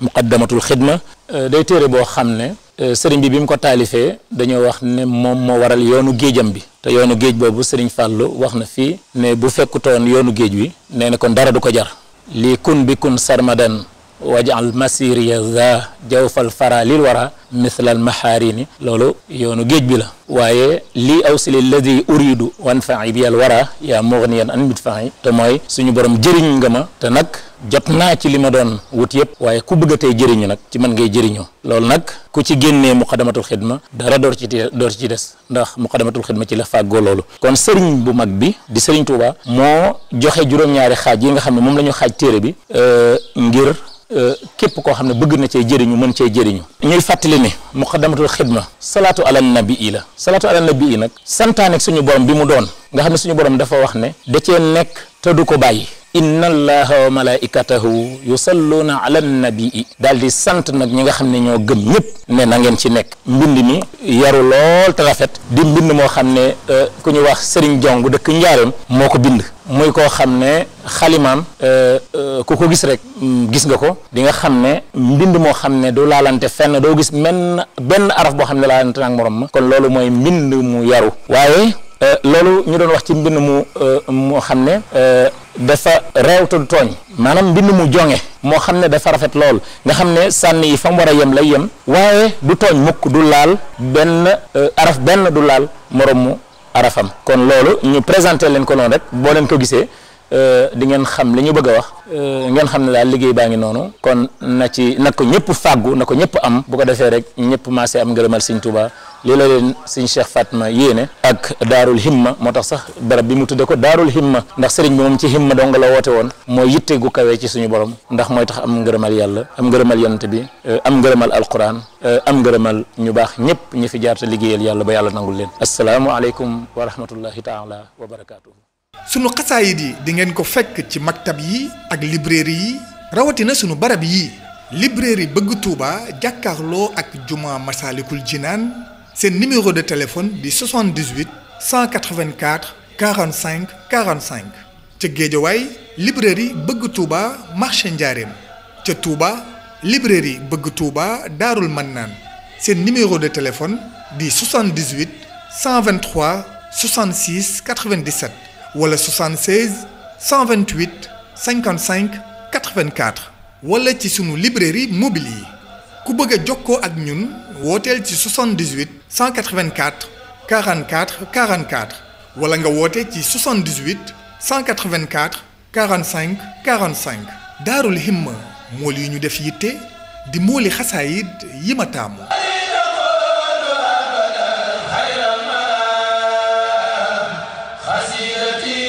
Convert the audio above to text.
muqaddamatul xidma euh, day téere boo xam ne euh, sëriñ bi bi mu ko taalifee dañoo wax ne moom moo waral yoonu géejam bi te yoonu géej boobu sëriñ Fàllu wax na fii ne bu fekkutoon yoonu géej wi nee na kon dara du ko jar lii kun bi kun sarmadan wajal masiriya za jawfal fara lil wara mithlal maharini loolu yoonu géej bi la waaye lii awsili ladi uridu wan fai bi al wara yaa mughniyan an midfai te mooy suñu borom jëriñ nga ma te nag jot naa ci li ma doon wut yëpp waaye ku bëgg tey jëriñu nag ci man ngay jëriñoo loolu nag ku ci génnee muqadamatul xidma dara door ci door ci des ndax muqadamatul xidma ci la fàggoo loolu kon sëriñ bu mag bi di sëriñ Tuuba moo joxe juróom-ñaari xaaj yi nga xam ne moom lañu xaaj téere bi euh, ngir Euh, képp koo xam ne bëgg na cee jëriñu mën cee jëriñu ñuy fàttali ne muqaddamatul xidma salaatu ala nabii la salaatu ala bii nag santaane suñu borom bi mu doon nga xam ne suñu borom dafa wax ne da cee nekk te du ko bàyyi inna allaha wa malaikatahu na ala nabii daal di sant nag ñi nga xam ne ñoo gëm ñëpp ne na ngeen ci nekk mbind mi yaru lool te rafet di mbind moo xam ne euh, ku ñu wax Serigne Jong dëkk Njaareem moo ko bind muy koo xam ne xalimaam euh, euh, ku ko gis rek mm, gis nga ko di nga xam ne mbind moo xam ne du laalante fenn doo gis menn benn araf boo xam ne laalante nag morom ma kon loolu mooy mbind mu yaru waaye loolu ñu doon wax ci mbind mu moo xam ne dafa réew te du tooñ maanaam mbind mu jonge moo xam ne dafa rafet lool nga xam ne sànni yi fa mu war a yem lay yem waaye du tooñ mukk du laal benn euh, araf benn du laal morom mu arafam kon loolu ñu présenté leen ko noonu rek boo leen ko gisee euh, di ngeen xam li ñu bëgg a wax euh, ngeen xam ne daal liggéey baa ngi noonu kon na ci na ko ñëpp fàggu na ko ñëpp am bu ko defee rek ñëpp maasee am ngërëmal Sëñ Tuubaa li la leen sëñ Cheikh Fatma yéene ak daarul himma moo tax sax barab bi mu tudde ko daarul himma ndax sëriñ bi moom ci himma dong la woote woon moo yitte gu kawee ci suñu borom ndax mooy tax am ngërëmal yàlla am ngërëmal yonent bi euh, am ngërëmal alquran euh, am ngërëmal ñu baax ñëpp ñu fi jaarta te liggéeyal yàlla ba yàlla nangul leen asalaamualeykum wa rahmatullahi taala wa barakaatuhu sunu xasaayit yi di ngeen ko fekk ci maktab yi ak librairie yi rawatina sunu barab yi librairie bëgg Touba jàkkaarloo ak juma masalikul jinaan le numéro de téléphone du 78 184 45 45 ca librairie Bugutuba Touba marché Touba librairie Bugutuba Touba numéro de téléphone de 78 123 66 97 le 76 128 55 84 ou le librairie Mobilier. ku bëgg a jokkoo ak ñun wooteel ci 78 184 44 44 wala nga woote ci 78 184 45 45 daarul himma mool yi ñu def yitte di mooli xasaayid yi ma taamu. xasiidati